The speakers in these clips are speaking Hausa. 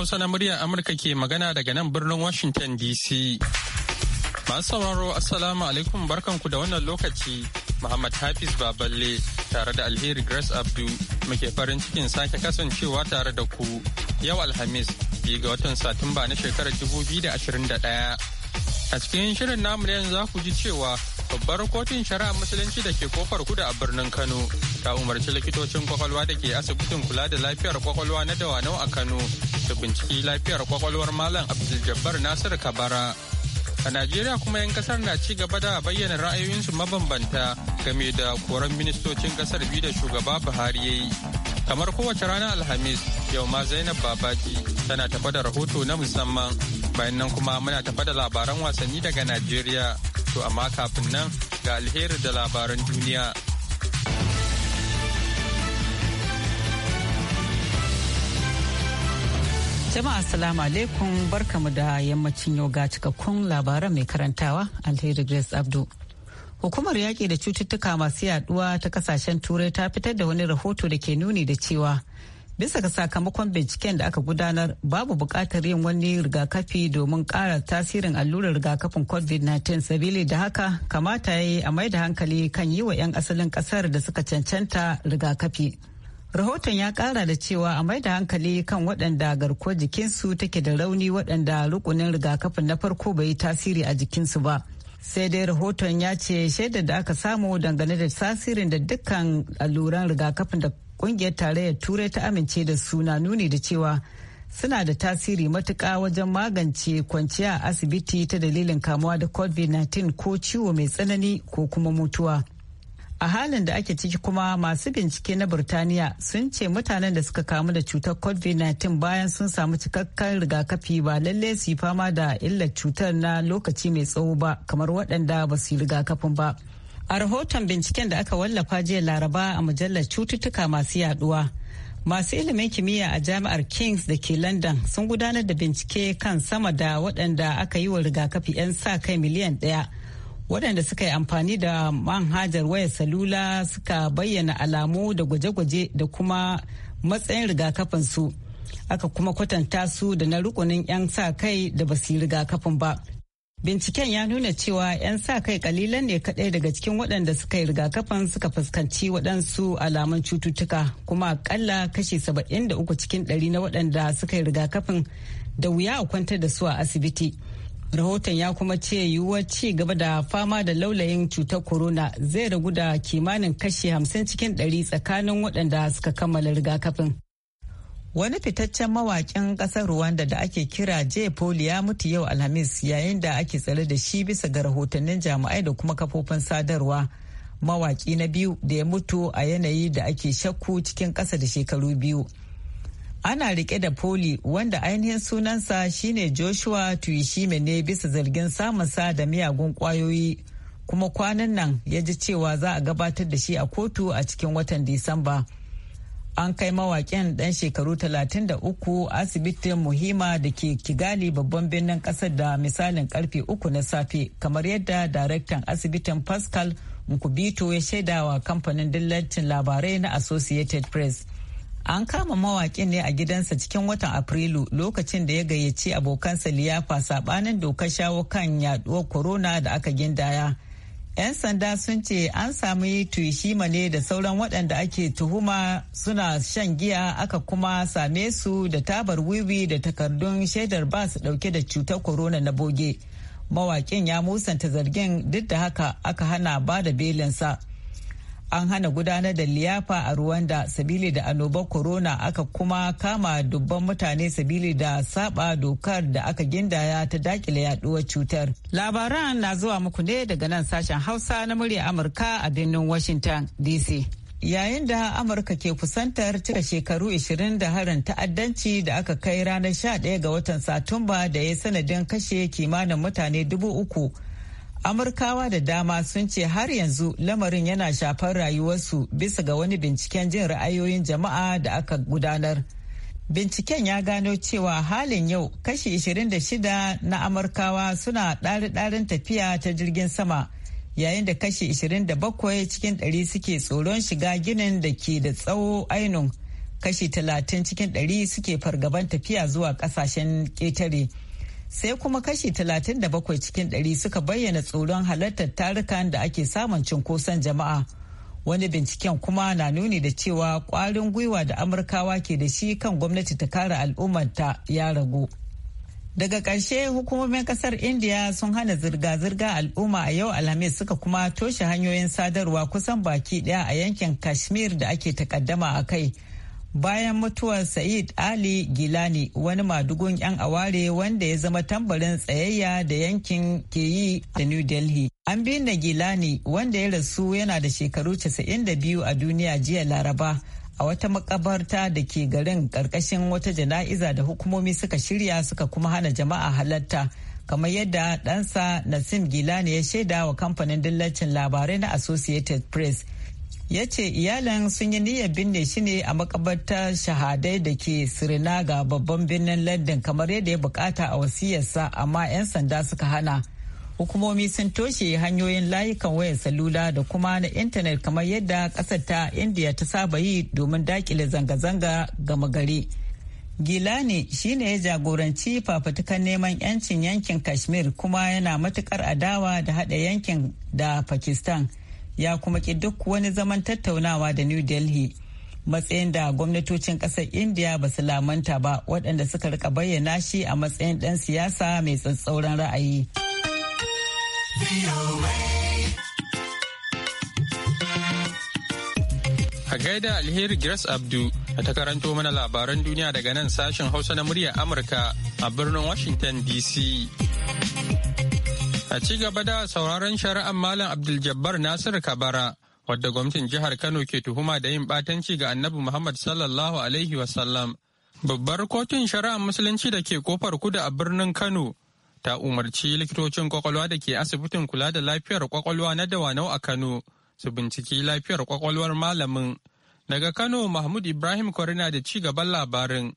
Hausa na muryar Amurka ke magana daga nan birnin Washington DC. Masu sauraro Assalamu alaikum barkanku da wannan lokaci Muhammad Hafiz Baballe tare da Alheri Grace Abdu muke farin cikin sake kasancewa tare da ku yau Alhamis biyu ga watan Satumba na shekarar 2021. A cikin shirin namu na yanzu za ku ji cewa babbar kotun shari'a musulunci da ke kofar kudu a birnin Kano ta umarci likitocin kwakwalwa da ke asibitin kula da lafiyar kwakwalwa na Dawanau a Kano da binciki lafiyar kwakwalwar Malam Abdul Jabbar Nasir Kabara. A Najeriya kuma 'yan kasar na ci gaba da bayyana ra'ayoyinsu mabambanta game da koran ministocin kasar biyu da shugaba Buhari ya yi. Kamar kowace rana Alhamis, yau ma Zainab Babaji tana tafa da rahoto na musamman Bayan nan kuma muna tafa da labaran wasanni daga Najeriya. To amma kafin nan ga alheri da labaran duniya. Jama'a salamu alaikum barkamu da yammacin yau ga cikakkun labaran mai karantawa Alheri Grace Abdu. Hukumar yaƙi da cututtuka masu yaduwa ta kasashen turai ta fitar da wani rahoto da ke nuni da cewa bisa ga sakamakon binciken da aka gudanar babu buƙatar yin wani rigakafi domin kara tasirin allurar rigakafin covid-19 sabili da haka kamata ya yi a mai da hankali kan yi wa 'yan asalin ƙasar da suka cancanta rigakafi rahoton ya ƙara da cewa a mai da hankali kan waɗanda garkuwar jikinsu take da rauni waɗanda rukunin rigakafin na farko bai yi tasiri a jikinsu ba. sai dai rahoton ya ce shaidar da aka samu dangane da tasirin da dukkan alluran rigakafin da kungiyar tarayyar turai ta amince da suna nuni da cewa suna da tasiri matuka wajen magance kwanciya a asibiti ta dalilin kamuwa da covid-19 ko ciwo mai tsanani ko kuma mutuwa a halin da ake ciki kuma masu bincike na burtaniya sun ce mutanen da suka kamu da cutar covid-19 bayan sun samu cikakken rigakafi ba lalle su yi fama da illar cutar na lokaci mai tsawo ba kamar waɗanda ba su yi rigakafin ba a rahoton binciken da aka wallafa jiya laraba a mujallar cututtuka masu yaduwa masu ilimin kimiyya a jami'ar kings da ke london sun gudanar da bincike kan sama da waɗanda aka yi wa rigakafi 'yan sa kai miliyan ɗaya waɗanda suka yi amfani da manhajar waya salula suka bayyana alamu da gwaje-gwaje da kuma matsayin rigakafin su aka kuma kwatanta su da na rukunin 'yan sa kai da ba su yi rigakafin ba binciken ya nuna cewa 'yan sa kai kalilan ne kaɗai daga cikin waɗanda suka yi rigakafin suka fuskanci waɗansu alamun cututtuka kuma akalla kashi 73 cikin 100 na waɗanda suka yi rigakafin da wuya a kwantar da su a asibiti. rahoton ya kuma ce yiwuwar ci gaba da fama da laulayin cutar corona zai ragu da kimanin kashi hamsin cikin 100 tsakanin waɗanda suka kammala rigakafin wani fitaccen mawakin ƙasar rwanda da ake kira j paul ya mutu yau alhamis yayin da ake tsare da shi bisa ga rahotannin jami'ai da kuma kafofin sadarwa mawaki na biyu da ya mutu a yanayi da ake shakku cikin ƙasa da shekaru biyu ana rike da poli wanda ainihin sunansa shine joshua tuishime ne bisa zargin samun sa da miyagun kwayoyi kuma kwanan nan ya ji cewa za a gabatar da shi a kotu a cikin watan disamba an kai mawaƙin ɗan shekaru 33 asibitin muhima da ke kigali babban birnin ƙasar da misalin karfe uku na safe kamar yadda daraktan asibitin pascal nkubito ya shaidawa kamfanin dillacin labarai na associated press An kama mawaƙin ne a gidansa cikin watan Afrilu lokacin da ya gayyaci abokansa liyafa saɓanin dokar shawo kan yaduwar corona da aka gindaya. 'Yan sanda sun ce an sami Tuishima ne da sauran waɗanda ake tuhuma suna shan giya aka kuma same su da tabar wiwi da takardun shaidar ba su ɗauke da cutar corona na boge. Mawaƙin ya musanta zargin duk da haka aka hana ba da belinsa. an hana gudanar da liyafa a Rwanda sabili da annobar corona aka kuma kama dubban mutane sabili da saba dokar da aka gindaya ta dakile yaduwar cutar. Labaran na zuwa muku ne daga nan sashen Hausa na murya Amurka a birnin Washington DC. Yayin da Amurka ke kusantar cika shekaru 20 da harin ta'addanci da aka kai ranar 11 ga watan Satumba da ya sanadin kashe kimanin mutane dubu uku. Amurkawa da dama sun ce har yanzu lamarin yana shafar rayuwarsu bisa ga wani binciken jin ra'ayoyin jama'a da aka gudanar. Binciken ya gano cewa halin yau kashi 26 na Amurkawa suna ɗari-ɗarin tafiya ta jirgin sama yayin da kashi 27 cikin ɗari suke tsoron shiga ginin da ke da tsawo ainun kashi 30 cikin ɗari suke fargaban tafiya zuwa ƙasashen ƙetare. sai kuma kashi 37 cikin 100 suka bayyana tsoron halartar tarukan da ake samun cunkoson jama'a wani binciken kuma na nuni da cewa kwarin gwiwa da amurkawa ke da shi kan gwamnati ta kare al'ummarta ya ragu daga ƙarshe hukumomin ƙasar indiya sun hana zirga-zirga al'umma a yau alhamis suka kuma toshe hanyoyin sadarwa kusan baki ɗaya a yankin kashmir da ake takaddama a kai bayan mutuwar Said Ali Gilani wani madugun 'yan aware wanda ya zama tambarin tsayayya da yankin ke yi da New Delhi. An binne Gilani wanda ya rasu yana da shekaru 92 a duniya jiya Laraba a wata makabarta da ke garin karkashin wata jana'iza da hukumomi suka shirya suka kuma hana jama'a halatta. kamar yadda ɗansa Nasim Gilani ya shaida wa kamfanin dillacin labarai na Associated Press. ya ce iyalan sun yi niyyar binne shi ne a makabartar shahadai da ke ga babban birnin london kamar yadda ya bukata a wasiyarsa amma 'yan sanda suka hana hukumomi sun toshe hanyoyin layukan wayar salula da kuma na intanet kamar yadda kasar ta indiya ta saba yi domin dakile zanga-zanga gama gari gilani shine ya jagoranci fafutukan neman yancin yankin kashmir kuma yana matukar adawa da haɗa yankin da pakistan ya kuma ki duk wani zaman tattaunawa da New Delhi. Matsayin da gwamnatocin kasar indiya ba su lamanta ba waɗanda suka rika bayyana shi a matsayin ɗan siyasa mai tsatsauran ra'ayi. A gaida Alheri Grace Abdu a ta karanto mana labaran duniya daga nan sashen Hausa na murya Amurka a birnin Washington DC. A ci gaba da sauraron shari'ar Malam Abdul-Jabbar Nasir Kabara, wadda gwamnatin jihar Kano ke tuhuma da yin batanci ga Annabi Muhammad sallallahu alaihi wasallam. Babbar kotun shari'ar musulunci da ke kofar kudu a birnin Kano ta umarci likitocin kwakwalwa da ke asibitin kula da lafiyar kwakwalwa na Dawanau a Kano su binciki lafiyar kwakwalwar malamin. Daga Kano Mahmud Ibrahim Korina da ci gaban labarin.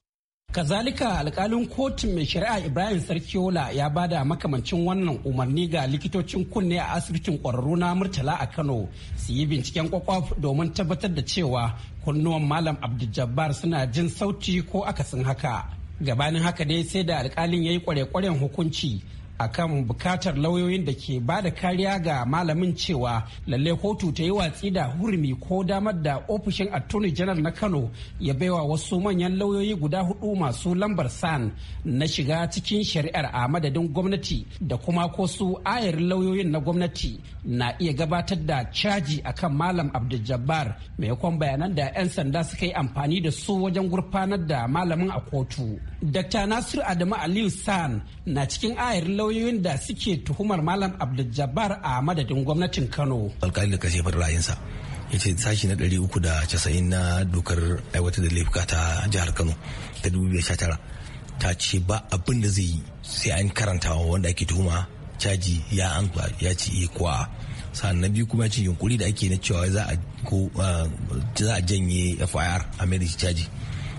Kazalika alkalin kotun mai shari'a Ibrahim Sarkiola ya bada makamancin wannan umarni ga likitocin kunne a asibitin ƙwararru na Murtala a Kano su yi binciken kwakwaf domin tabbatar da cewa kunnuwan Malam Abdul suna jin sauti ko akasin haka. Gabanin haka dai sai da alkalin ya yi kware-kwaren hukunci akan bukatar lauyoyin da ke ba da kariya ga malamin cewa lalle kotu ta yi watsi da hurumi ko damar da ofishin attorney general na kano ya baiwa wasu manyan lauyoyi guda hudu masu lambar san na shiga cikin shari'ar a madadin gwamnati da kuma ko su ayar lauyoyin na gwamnati na iya gabatar da caji akan malam abdul maimakon bayanan da 'yan sanda suka yi amfani da su wajen gurfanar da malamin a kotu dr nasiru adamu aliyu san na cikin ayar lauyoyin lauyoyin da suke tuhumar malam abdul a madadin gwamnatin kano alkali da kashe ra'ayinsa ya ce sashi na 390 na dokar aiwatar da laifuka ta jihar kano ta 2019 ta ce ba abin da zai yi sai an karanta wanda ake tuhuma caji ya an ya ci iya eh sa'an na biyu kuma ya ce yunkuri da ake na cewa za a ah, janye fir a mai da caji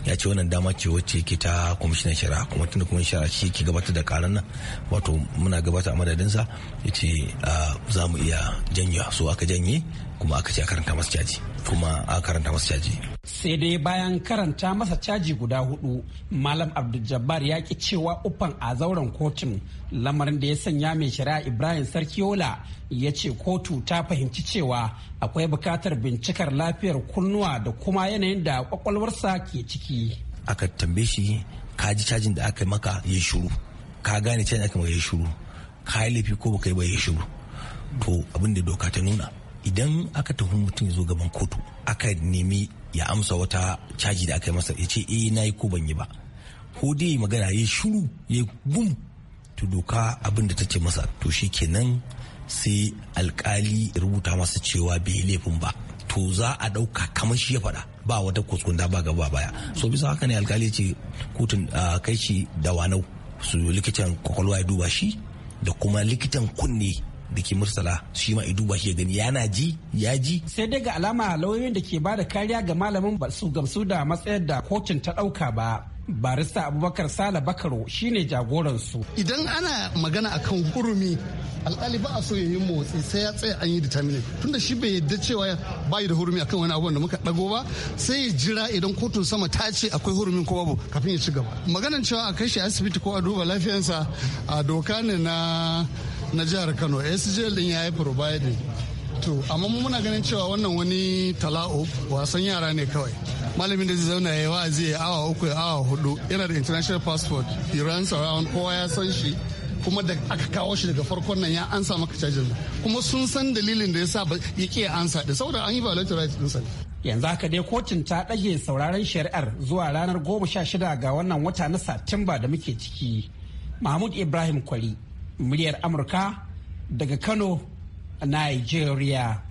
ya ce wannan dama ce wacce ke ta kwamishinan shari'a kuma tunda kuma shari'a shi ke gabatar da karan nan wato muna gabata a madadinsa ya ce ah, za mu iya janyewa su aka janye kuma aka ce a karanta masa caji kuma a karanta masa caji sai dai bayan karanta masa caji guda hudu malam abdul ya ki cewa ufan a zauren kotun lamarin da ya sanya mai shari'a ibrahim sarkiola ya ce kotu ta fahimci cewa akwai bukatar bincikar lafiyar kunnuwa da kuma yanayin da kwakwalwarsa ke ciki aka tambaye shi ka ji cajin da aka maka ya shuru ka gane cajin da aka maka ya shuru ka yi laifi ko baka yi ba ya shuru to abin da doka ta nuna idan aka tafi mutum ya zo gaban kotu aka nemi ya amsa wata caji da aka yi masa ya ce eh na yi ko ban yi ba ko dai magana ya shuru ya gum to doka abin da ta ce masa to shi kenan sai alkali rubuta masa cewa bai laifin ba to za a ɗauka kamar shi ya faɗa ba wata kuskunda ba gaba baya so bisa haka ne alkali ce kotun kai shi da wanau su likitan kwakwalwa ya duba shi da kuma likitan kunne da ke mursala shi ma duba shi gani yana ji ya ji sai dai ga alama lauyoyin da ke bada kariya ga malamin ba su gamsu da matsayar da kocin ta dauka ba barista abubakar sala bakaro shine jagoransu idan ana magana akan hurumi alkali ba a so ya motsi sai ya tsaya an yi determine tunda shi bai yadda cewa yi da hurumi akan wani abubuwan da muka dago ba sai ya jira idan kotun sama ta ce akwai hurumin ko babu kafin ya ci gaba maganan cewa a kai shi asibiti ko a duba lafiyansa a doka ne na na jihar kano SGL din ya yi providing to amma muna ganin cewa wannan wani talau wasan yara ne kawai malamin da zai zauna ya wa'azi ya awa uku ya awa hudu yana da international passport he runs around kowa ya san shi kuma da aka kawo shi daga farkon nan ya ansa maka cajin kuma sun san dalilin da ya sa ba ya ke ansa da saboda an yi violation right din sani yanzu haka dai kotun ta ɗage sauraron shari'ar zuwa ranar goma sha shida ga wannan wata na satumba da muke ciki mahmud ibrahim kwari muryar amurka daga kano a nigeria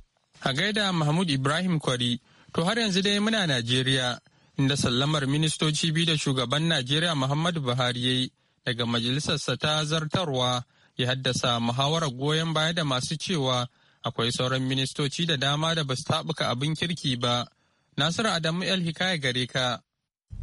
a gaida mahmud ibrahim kwari to har yanzu dai muna najeriya inda sallamar ministoci biyu da shugaban najeriya muhammadu buhari ya yi daga majalisarsa ta zartarwa ya haddasa muhawarar goyon baya da masu cewa akwai sauran ministoci da dama da basu taɓuka abin kirki ba nasiru adamu el hikaya gare ka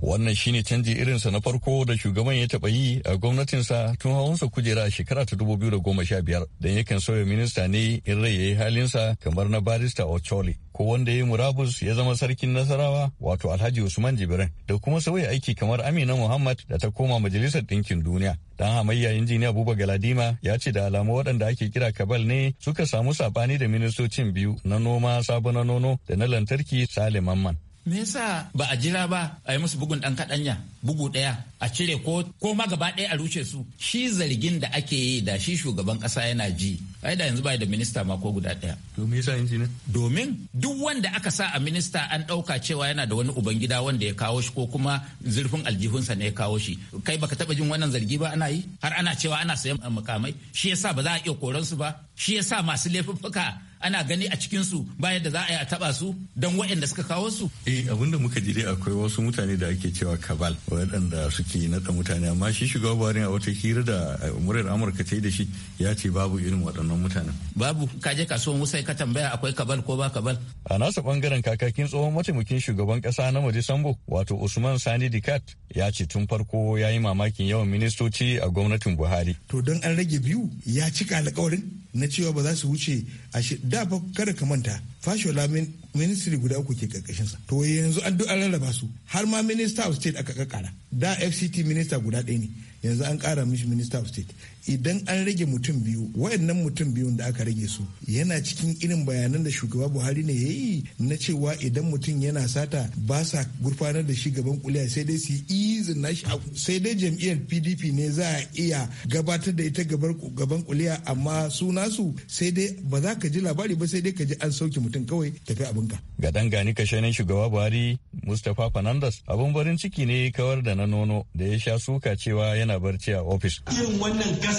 Wannan shine canji irinsa na farko da shugaban ya taɓa yi a gwamnatinsa tun hawansa kujera a shekara ta 2015 don yakan sauya minista ne in rai ya yi halinsa kamar na barista Ocholi. Ko wanda ya yi murabus ya zama sarkin nasarawa wato Alhaji Usman Jibrin da kuma sauya aiki kamar Amina Muhammad da ta koma Majalisar Ɗinkin Duniya. Dan hamayya injiniya Buba Galadima ya ce da alamu waɗanda ake kira kabal ne suka samu sabani da ministocin biyu na noma sabon nono da na lantarki Salim Mamman. me yasa ba a jira ba a yi musu bugun dan kaɗanya bugu ɗaya a cire ko ko ma gaba ɗaya a rushe su shi zargin da ake yi da shi shugaban ƙasa yana ji ai da yanzu bai da minista ma ko guda ɗaya to me yasa inji domin duk wanda aka sa a minista an ɗauka cewa yana da wani ubangida wanda ya kawo shi ko kuma zurfin aljihunsa ne ya kawo shi kai baka taba jin wannan zargi ba ana yi har ana cewa ana sayan mukamai shi yasa ba za a iya koransu ba shi yasa masu laifuffuka ana gani a cikin su bayan da za a yi a taba su don waɗanda suka kawo su eh abinda muka ji akwai wasu mutane da ake cewa kabal waɗanda suke naɗa mutane amma shi shugaba Buhari a wata hira da muryar Amurka ta yi da shi ya ce babu irin waɗannan mutanen babu ka je kasuwan wusai ka tambaya akwai kabal ko ba kabal a nasa bangaren kakakin tsohon mataimakin shugaban kasa na waje Sambo wato Usman Sani Dikat ya ce tun farko ya yi mamakin yawan ministoci a gwamnatin Buhari to don an rage biyu ya cika alƙawarin na cewa ba za su wuce da fa kada ka manta fashola ministry guda uku ke karkashin sa to yanzu an duk an rarraba su har ma minister of state aka kakkara da fct minister guda ɗaya ne yanzu an ƙara mishi minister of state idan an rage mutum biyu wayannan mutum biyun da aka rage su yana cikin irin bayanan da shugaba buhari ne yayi na cewa idan mutum yana sata ba sa gurfanar da shi gaban kuliya sai dai su yi izin shi sai dai jam'iyyar pdp ne za a iya gabatar da ita gaban kuliya amma su nasu sai dai ba za ka ji labari ba sai dai ka ji an sauke mutum kawai tafi abin ka. ga dan gani kashanin shugaba buhari mustapha fernandes abun barin ciki ne kawar da na nono da ya sha suka cewa yana barci a ofis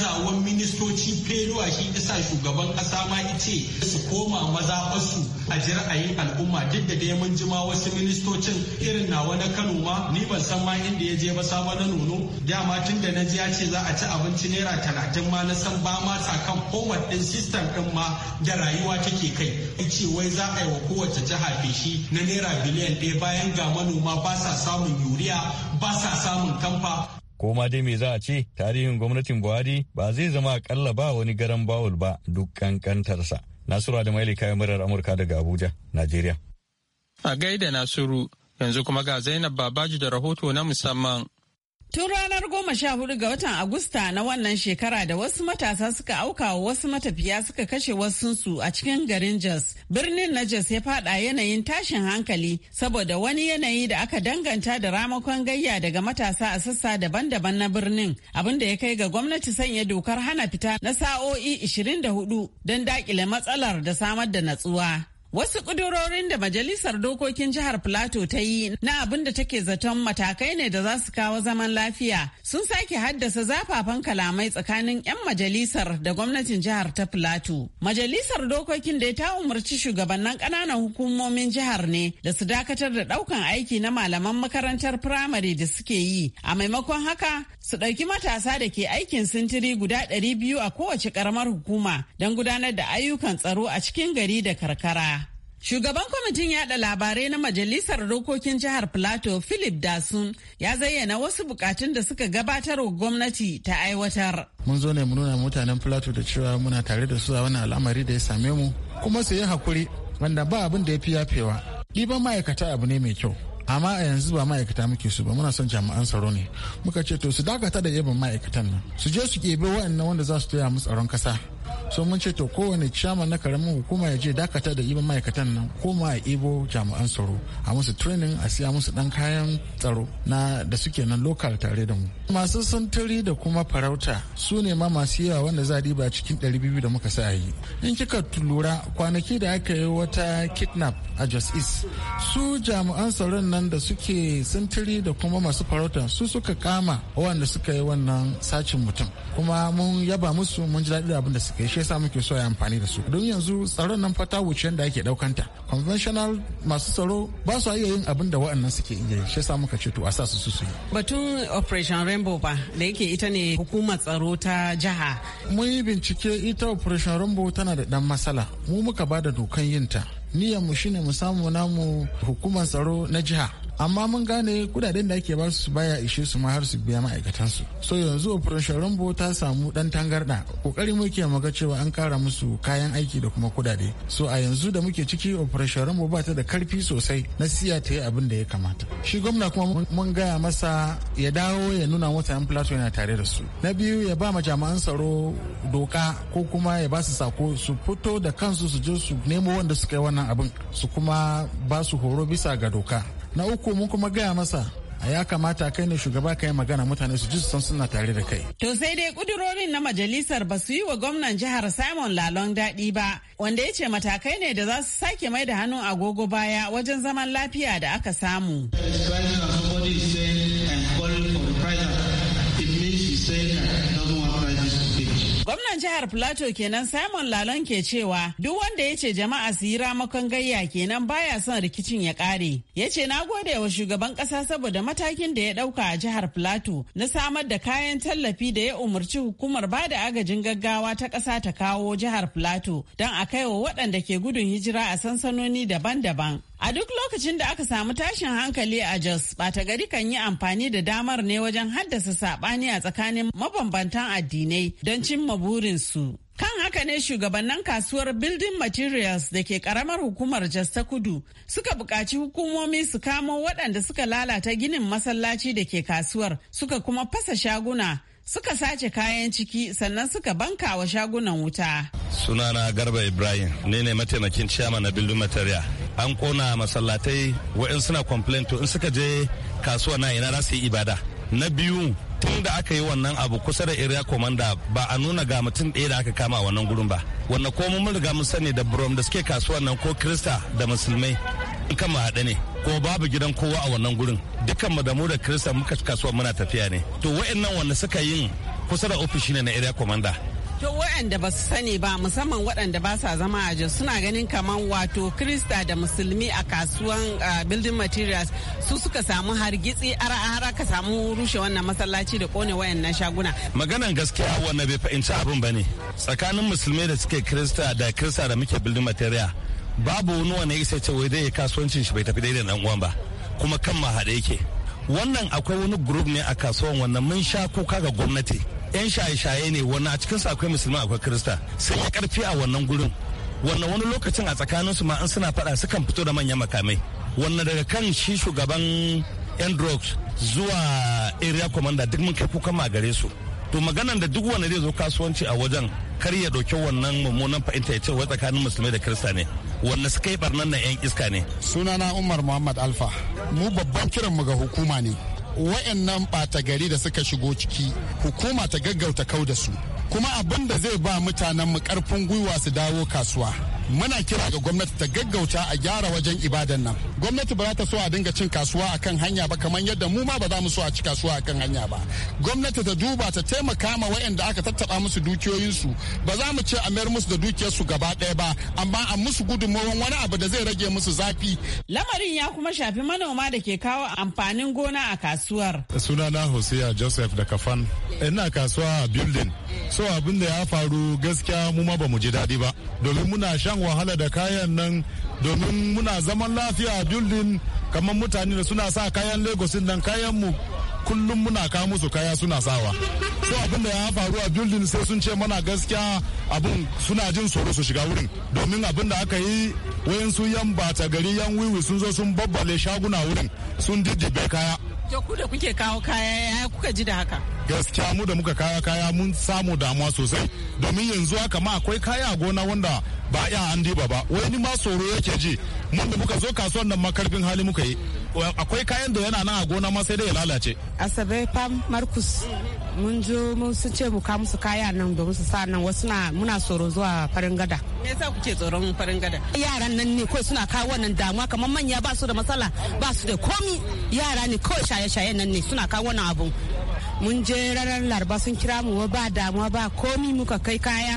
gazawan ministoci feluwa shi isa shugaban kasa ma ice su koma mazaɓarsu a jira'ayin al'umma duk da dai mun jima wasu ministocin irin nawa na kano ma ni ban san ma inda ya je ba sabon na nono dama tun da na ji ya ce za a ci abinci naira talatin ma na san ba ma sakan format din sistem din ma da rayuwa take kai ice wai za a yi wa kowace jiha feshi na naira biliyan ɗaya bayan ga manoma ba sa samun yuriya ba sa samun kamfa ko ma dai me za a ce tarihin gwamnatin buhari ba zai zama akalla ba wani garan bawul ba duk kankantarsa nasiru da maili kayan murar amurka daga abuja najeriya a gaida nasiru yanzu kuma ga zainab babaji da rahoto na musamman Tun ranar goma sha hudu ga watan Agusta na wannan shekara da wasu matasa suka auka wa wasu matafiya suka kashe wasunsu a cikin garin Jos. Birnin na Jos ya fada yanayin tashin hankali saboda wani yanayi da aka danganta da ramakon gayya daga matasa a sassa daban-daban na birnin abinda ya kai ga gwamnati sanya dokar hana fita na sa'o'i 24 don dakile matsalar da samar da natsuwa. Wasu ƙudurorin da Majalisar Dokokin Jihar Plateau ta yi na abin da take zaton matakai ne da za su kawo zaman lafiya sun sake haddasa zafafan kalamai tsakanin 'yan majalisar da gwamnatin jihar ta Plateau. Majalisar Dokokin da ta umarci shugabannin ƙananan hukumomin jihar ne da su dakatar da ɗaukan aiki na malaman makarantar firamare da suke yi. A maimakon haka su ɗauki matasa da ke aikin sintiri guda ɗari biyu a kowace ƙaramar hukuma don gudanar da ayyukan tsaro a cikin gari da karkara. Shugaban kwamitin yada labarai na Majalisar Dokokin Jihar Plateau Philip Dasun ya zayyana wasu bukatun da suka gabatar wa gwamnati ta aiwatar. Mun zo ne mu nuna mutanen Plateau da cewa muna tare da su a wani al'amari da ya same mu kuma su yi hakuri wanda ba abin da ya fi yafewa. Ɗiban ma'aikata abu ne mai kyau. amma a yanzu ba ma'aikata muke su ba muna son jami'an tsaro ne muka ce to su dakata da yabon ma'aikatan nan su je su kebe waɗannan wanda za su taya mu tsaron kasa so mun ce to kowane chairman na karamin hukuma ya je dakata da iban ma'aikatan nan koma a ibo jami'an tsaro a musu training a siya musu dan kayan tsaro na da suke nan local tare da mu masu santiri da kuma farauta su ne ma masu yawa wanda za a diba cikin 200 da muka sa yi in kika lura kwanaki da aka yi wata kidnap a Jos East su jami'an tsaron nan da suke sintiri da kuma masu farauta su suka kama wanda suka yi wannan sacin mutum kuma mun yaba musu mun ji daɗi abin da suka ya shi yasa muke so ya amfani da su don yanzu tsaron nan fata wuce da ake daukanta conventional masu tsaro ba su iya yin abin da wa'annan suke iya shi yasa muka ce to a sa su su yi batun operation rainbow ba da yake ita ne hukumar tsaro ta jiha mun yi bincike ita operation rainbow tana da dan matsala mu muka ba da dokan yin ta niyan mu shine mu samu namu hukumar tsaro na jiha amma mun gane kudaden da ake basu baya ishe su ma har su biya su so yanzu operation rambo ta samu dan tangarda kokari muke maga cewa an kara musu kayan aiki da kuma kudade so a yanzu da muke ciki operation rambo ba ta da karfi sosai na siya ta yi abin da ya kamata shi gwamna kuma mun gaya masa ya dawo ya nuna wata yan plateau yana tare da su na biyu ya ba ma jami'an tsaro doka ko kuma ya ba su sako su fito da kansu su je su nemo wanda suka yi wannan abin su kuma ba su horo bisa ga doka na uku mun kuma gaya masa a ya kamata kai ne shugaba kai magana mutane su ji su san suna tare da kai. To sai dai kudurorin na majalisar ba su yi wa gwamnan jihar Simon Lalon daɗi ba, wanda ya ce matakai ne da za su sake mai da hannun agogo baya wajen zaman lafiya da aka samu. It means he's saying that Gwamnan jihar Plateau kenan Simon Lalon ke cewa duk wanda ya ce jama'a su yi ramakon gayya kenan baya son rikicin ya kare. Ya ce na gode wa shugaban kasa saboda matakin da ya dauka a jihar Plateau na samar da kayan tallafi da ya umarci hukumar ba da agajin gaggawa ta kasa ta kawo jihar Plateau don a kaiwa waɗanda ke gudun hijira a sansanoni daban-daban. A duk lokacin da aka samu tashin hankali a Jos, ɓata gari kan yi amfani da damar ne wajen haddasa saɓani a tsakanin mabambantan addinai don cimma burinsu. Kan haka ne shugabannin kasuwar Building Materials da ke karamar hukumar Jos ta Kudu suka buƙaci hukumomi su kamo waɗanda suka lalata ginin masallaci da ke kasuwar suka kuma fasa shaguna suka sace kayan ciki sannan suka banka wa shagunan wuta. Sunana Garba Ibrahim, ne ne mataimakin ciyama na Building Material. an kona masallatai wa'in suna complain to in suka je kasuwa na ina za su yi ibada na biyu tun da aka yi wannan abu kusa da area commander ba a nuna ga mutum ɗaya da aka kama a wannan gurin ba wanda ko mun riga mun sani da brom da suke kasuwan nan ko krista da musulmai in kan haɗe ne ko babu gidan kowa a wannan gurin dukkan mu da mu da krista muka kasuwa muna tafiya ne to nan wanda suka yin kusa da ofishi ne na area commander To waɗanda ba su sani ba musamman waɗanda ba sa zama a Jos suna ganin kamar wato Krista da Musulmi a kasuwan building materials su suka samu hargitsi ara-ara ka samu rushe wannan masallaci da kone wayan na shaguna. Maganan gaskiya wannan bai fahimci abin ba ne. Tsakanin Musulmi da suke Krista da Krista da muke building material babu wani wani isa ce wai zai kasuwancin shi bai tafi daidai dan uwan ba kuma kan ma haɗe yake. Wannan akwai wani group ne a kasuwan wannan mun sha kuka ga gwamnati. 'yan shaye-shaye ne wannan a cikinsu akwai musulma akwai kirista sun yi karfi a wannan gurin wannan wani lokacin a tsakaninsu ma an suna faɗa sukan fito da manyan makamai wannan daga kan shi shugaban 'yan drugs zuwa area commander duk mun kai kukan ma gare su to maganan da duk wanda zai zo kasuwanci a wajen kar ya ɗauki wannan mummunan fahimta ya ce wai tsakanin musulmai da kirista ne wanda suka yi barnan na 'yan iska ne sunana umar muhammad alfa mu babban kiran mu ga hukuma ne wayannan ɓata gari da suka shigo ciki hukuma ta gaggauta kau da su kuma abin da zai ba mutanen mu karfin gwiwa su dawo kasuwa muna kira ga gwamnati ta gaggauta a gyara wajen ibadan nan gwamnati ba za ta so a dinga cin kasuwa akan hanya ba kamar yadda mu ma ba za mu so a ci kasuwa akan hanya ba gwamnati ta duba ta taimaka ma wayanda aka tattaba musu dukiyoyinsu ba za mu ce a mayar musu da dukiyarsu gaba ɗaya ba amma a musu gudunmawar wani abu da zai rage musu zafi lamarin ya kuma shafi manoma da ke kawo amfanin gona a kasuwar sunana hosiya joseph da kafan ina kasuwa a building so abin da ya faru gaskiya mu ma ba mu ji daɗi ba domin muna shan wahala da kayan nan domin muna zaman lafiya a dullin kamar mutane da suna sa kayan lagos nan kayan mu kullum muna kawo musu kaya suna sawa so abin da ya faru a building sai sun ce mana gaskiya abin suna jin tsoro su shiga wurin domin abin da aka yi wayansu yan bata gari yan wiwi sun zo sun babbale shaguna wurin sun jijjibe kaya To ku da kuke kawo kaya ya kuka ji da haka? Gaskiya mu da muka kawo kaya mun samu damuwa sosai domin yanzu haka ma akwai kaya gona wanda ba iya an diba ba wani ma tsoro yake ji mun da muka zo kasuwan nan makarfin hali muka yi akwai kayan da yana nan a gona ma sai dai ya lalace asabe pam markus mun zo mun su ce mu ka musu kaya nan da musu sa nan wasu na muna tsoro zuwa farin gada me yasa kuke tsoron farin gada yaran nan ne kawai suna kawo wannan damuwa kamar manya ba su da matsala ba su da komi yara ne kawai shaye-shaye nan ne suna kawo wannan abun mun je ranar laraba sun kira mu ba damuwa ba komi muka kai kaya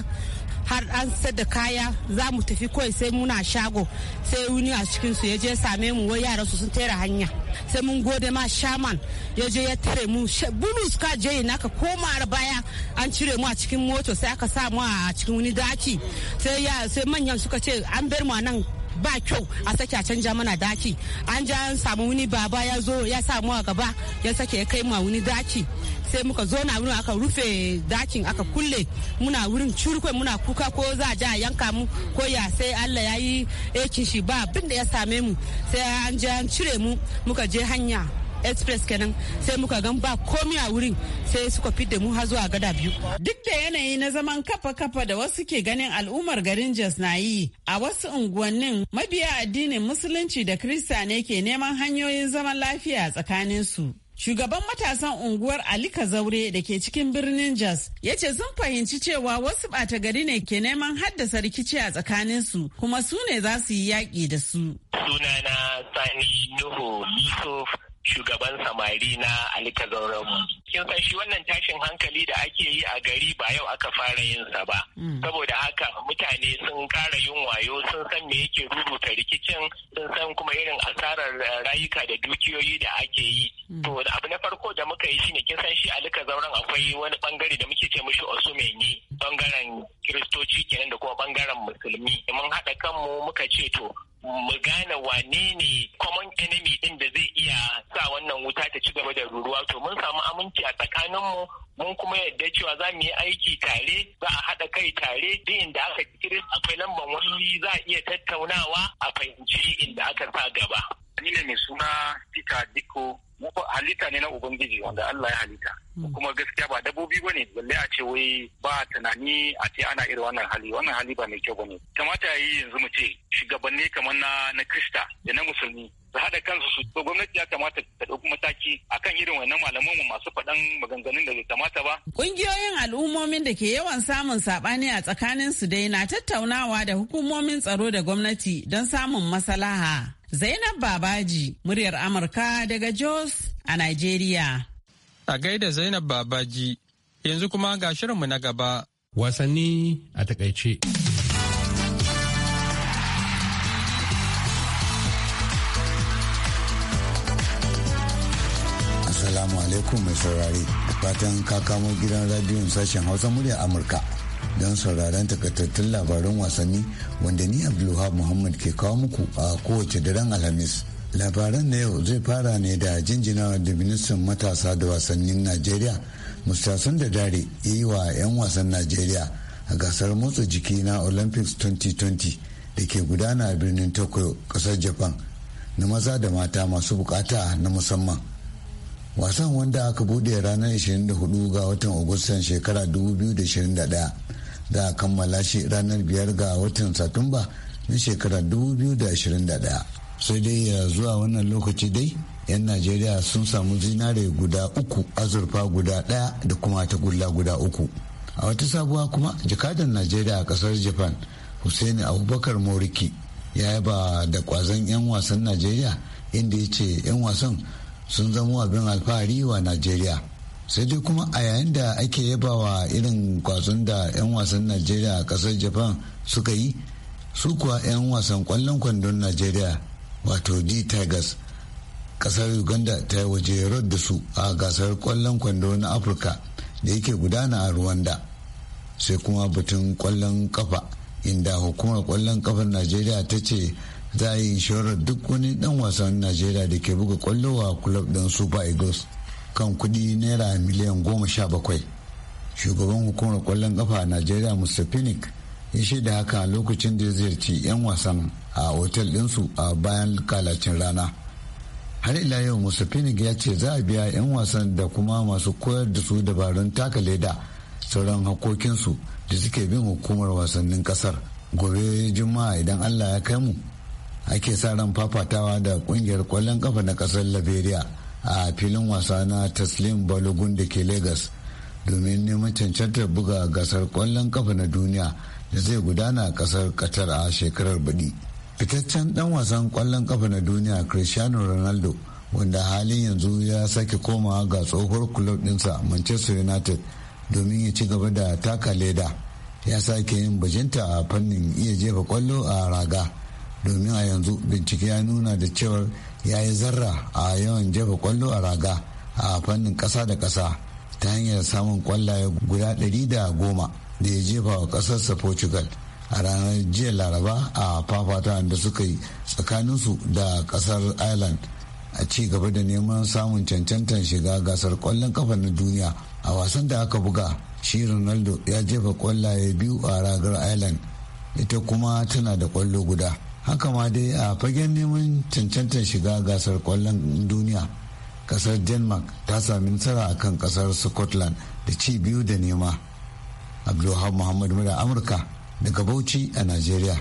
har an da kaya za mu tafi kawai sai muna shago sai wuni a cikin su ya je same mu wai yara su sun tera hanya sai mun gode ma shaman ya je ya tare mu bulus ka je na ka koma baya an cire mu a cikin moto sai aka sa mu a cikin wani daki sai sai manyan suka ce an bar mu nan ba kyau a sake a canja mana daki an ja an samu wani baba ya zo ya samu a gaba ya sake ya kai ma wani daki sai muka zo na wurin aka rufe dakin aka kulle muna wurin curkwe muna kuka ko za a ja yanka mu ko ya sai Allah ya yi aikin shi ba abin da ya same mu sai an je an cire mu muka je hanya express kenan sai muka gan ba komi a wurin sai suka fidda mu har zuwa gada biyu duk da yanayi na zaman kafa kafa da wasu ke ganin al'ummar garin jos na yi a wasu unguwannin mabiya addinin musulunci da krista ne ke neman hanyoyin zaman lafiya tsakanin su Shugaban matasan unguwar Alika Zaure da ke cikin birnin Jos ya ce sun fahimci cewa wasu bata gari ne ke neman haddasa rikici a tsakanin su kuma su ne za su yi yaƙi da su. Sunana Sani Nuhu Yusuf shugaban samari na alika zauren kin san shi wannan tashin hankali da ake yi a gari ba yau aka fara yin sa ba mm. saboda haka mutane sun kara yin wayo sun san me yake rubuta rikicin sun san kuma irin asarar eh, rayuka da dukiyoyi da ake yi mm. to abu na farko da muka yi shine kin san shi alika akwai wani bangare da muke ce mishi osumeni bangaren kiristoci kenan da kuma bangaren musulmi mun haɗa kanmu muka ce to mu gane wane ne common enemy din da zai iya sa wannan wuta ta ci gaba da ruruwa to mun samu aminci a tsakaninmu mun kuma yadda cewa za mu yi aiki tare za a haɗa kai tare duk inda aka kirin akwai lambar wani za a iya tattaunawa a fahimci inda aka sa gaba. ni ne mai suna Peter Diko mu halitta ne na ubangiji wanda Allah ya halitta hmm. kuma gaskiya ba dabbobi bane balle a ce wai ba tunani a ce ana irin wannan hali wannan hali ba mai kyau bane kamata yayi yanzu mu ce shugabanni kamar na na Krista da na musulmi su hada kansu su to gwamnati ya kamata ta dauki mataki akan irin wannan malaman mu masu faɗan maganganun da bai kamata ba. Ƙungiyoyin al'ummomin da ke yawan samun saɓani a tsakanin su dai na tattaunawa da hukumomin tsaro da gwamnati don samun maslaha. Zainab Babaji, muryar Amurka daga Jos a Najeriya. A gaida Zainab Babaji, yanzu kuma ga shirinmu na gaba. Wasanni a takaice. Assalamu alaikum mai saurari, fatan kakamo gidan radiyon sashen Hausa murya Amurka. don sauraron takaitattun labaran wasanni wanda ni Abdullahi muhammad ke kawo muku a kowace daren alhamis labaran na yau zai fara ne da jinjinawa da ministan matasa da wasannin najeriya mustasun da dare yi wa 'yan wasan najeriya a gasar motsa jiki na olympics 2020 da ke gudana a birnin tokyo kasar japan na maza da mata masu bukata na musamman wasan wanda aka bude ranar 24 ga watan agustan shekara 2021 da a kammala shi ranar biyar ga watan satumba na shekarar 2021 sai dai ya zuwa wannan lokaci dai 'yan najeriya sun samu zinare guda uku azurfa guda daya da kuma tagulla guda uku a wata sabuwa kuma jakadan najeriya a kasar japan hussaini abubakar moriki ya yaba da kwazon 'yan wasan najeriya inda ya ce 'yan wasan sun zama abin alfahari wa najeriya sai dai kuma a yayin da ake yabawa irin kwason da 'yan wasan najeriya a kasar japan suka yi su kuwa 'yan wasan kwallon kwandon najeriya wato d tigers kasar uganda ta yi waje rod da su a gasar kwallon kwando na afirka da yake gudana a rwanda sai kuma batun kwallon kafa inda hukumar kwallon kafar najeriya ta ce za a yi inshorar duk wani dan wasan najeriya da ke buga kwallo wa club din super eagles kan kudi naira miliyan goma sha bakwai shugaban hukumar kwallon kafa a najeriya mr phoenix ya shaida haka lokacin da ya ziyarci 'yan wasan a otel ɗinsu a bayan kalacin rana har ila yau mr phoenix ya ce za a biya 'yan wasan da kuma masu koyar da su dabarun taka leda sauran hakokinsu da suke bin hukumar wasannin kasar gobe juma'a idan allah ya kai mu ake sa ran fafatawa da kungiyar kwallon kafa na kasar liberia a filin wasa na taslim balogun da ke lagos domin neman cancantar buga gasar kwallon kafa na duniya da zai gudana a kasar qatar a shekarar baɗi fitaccen dan wasan kwallon kafa na duniya cristiano ronaldo wanda halin yanzu ya sake komawa ga tsohuwar kulob dinsa manchester united domin ya ci gaba da taka leda ya sake yin bajinta a fannin iya jefa kwallo a raga domin a yanzu bincike ya nuna da cewar ya yi zarra a yawan jefa kwallo a raga a fannin kasa da kasa ta hanyar samun kwallaye guda ɗari da goma da ya jefa wa ƙasarsa portugal a ranar jiya laraba a fafata da suka yi tsakaninsu da ƙasar ireland a ci gaba da neman samun cancantar shiga gasar kwallon kafa na duniya a wasan da aka buga shi ronaldo ya jefa kwallaye biyu a ragar ireland ita kuma tana da kwallo guda haka ma dai a fagen neman cancantar shiga gasar kwallon duniya kasar denmark ta sami nasara akan kan kasar scotland da ci biyu da nema abdulhab muhammad mura amurka daga bauchi a nigeria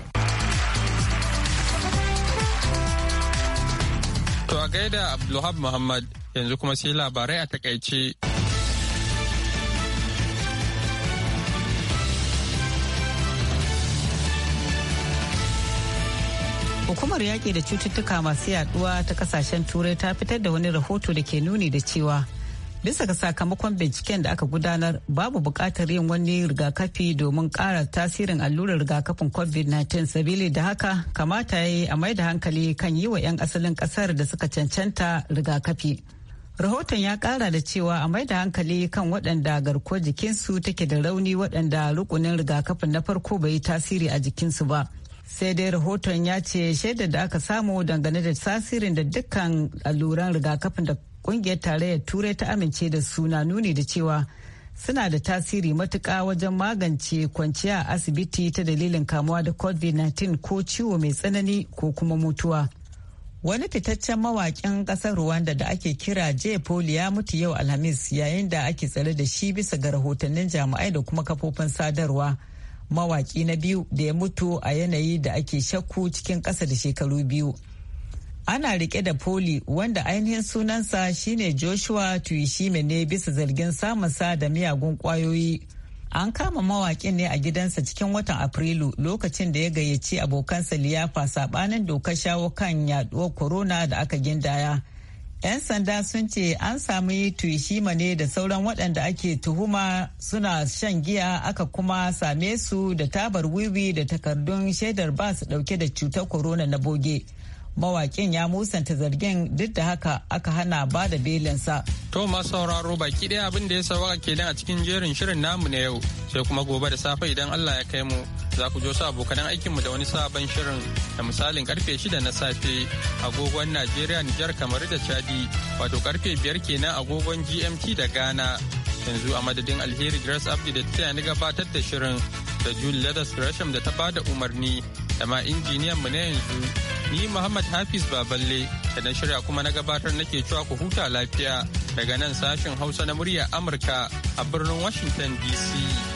to a gaida abdulhab muhammad yanzu kuma sai labarai a takaice Hukumar yaƙi da cututtuka masu yaduwa ta kasashen turai ta fitar da wani rahoto da ke nuni da cewa bisa ga sakamakon binciken da aka gudanar babu buƙatar yin wani rigakafi domin ƙara tasirin allurar rigakafin covid-19 sabili da haka kamata ya yi a mai da hankali kan yi wa 'yan asalin ƙasar da suka cancanta rigakafi rahoton ya ƙara da cewa a mai da hankali kan waɗanda garkuwar jikinsu take da rauni waɗanda rukunin rigakafin na farko bai yi tasiri a jikinsu ba. sai dai rahoton ya ce shaidar da aka samu dangane da tasirin da dukkan alluran rigakafin da kungiyar tarayyar turai ta amince da suna nuni da cewa suna da tasiri matuka wajen magance kwanciya a asibiti ta dalilin kamuwa da covid-19 ko ciwo mai tsanani ko kuma mutuwa wani fitaccen mawakin kasar rwanda da ake kira j paul ya mutu yau alhamis yayin da ake tsare da shi bisa ga rahotannin jami'ai da kuma kafofin sadarwa. Mawaƙi na biyu da ya mutu a yanayi da ake shakku cikin ƙasa da shekaru biyu. Ana rike da poli wanda ainihin sunansa shine Joshua Tuishime ne bisa zargin samunsa da miyagun ƙwayoyi. An kama mawaƙin ne a gidansa cikin watan Afrilu lokacin da ya gayyaci abokansa liyafa sabanin dokar shawo kan yaduwar corona da aka gindaya. 'Yan sanda sun ce an sami tushi ne da sauran waɗanda ake tuhuma suna shan giya aka kuma same su da tabar wiwi da takardun shaidar ba su ɗauke da cutar corona na boge. mawakin ya musanta zargin duk da haka aka hana ba da belinsa. To masu sauraro baki ɗaya abin da ya sauka kenan a cikin jerin shirin namu na yau sai kuma gobe da safe idan Allah ya kai mu za ku jo su abokan aikinmu da wani sabon shirin da misalin karfe shida na safe agogon Najeriya Nijar kamar da Chadi wato karfe biyar kenan agogon GMT da Ghana yanzu a madadin alheri Grace Abdi da ta ni gabatar da shirin da Julie Leathers Gresham da ta bada umarni da ma injiniyan mu na yanzu Ni Muhammad Hafiz Baballe da na shirya kuma na gabatar nake cewa ku huta lafiya daga nan sashin Hausa na murya Amurka a birnin Washington DC.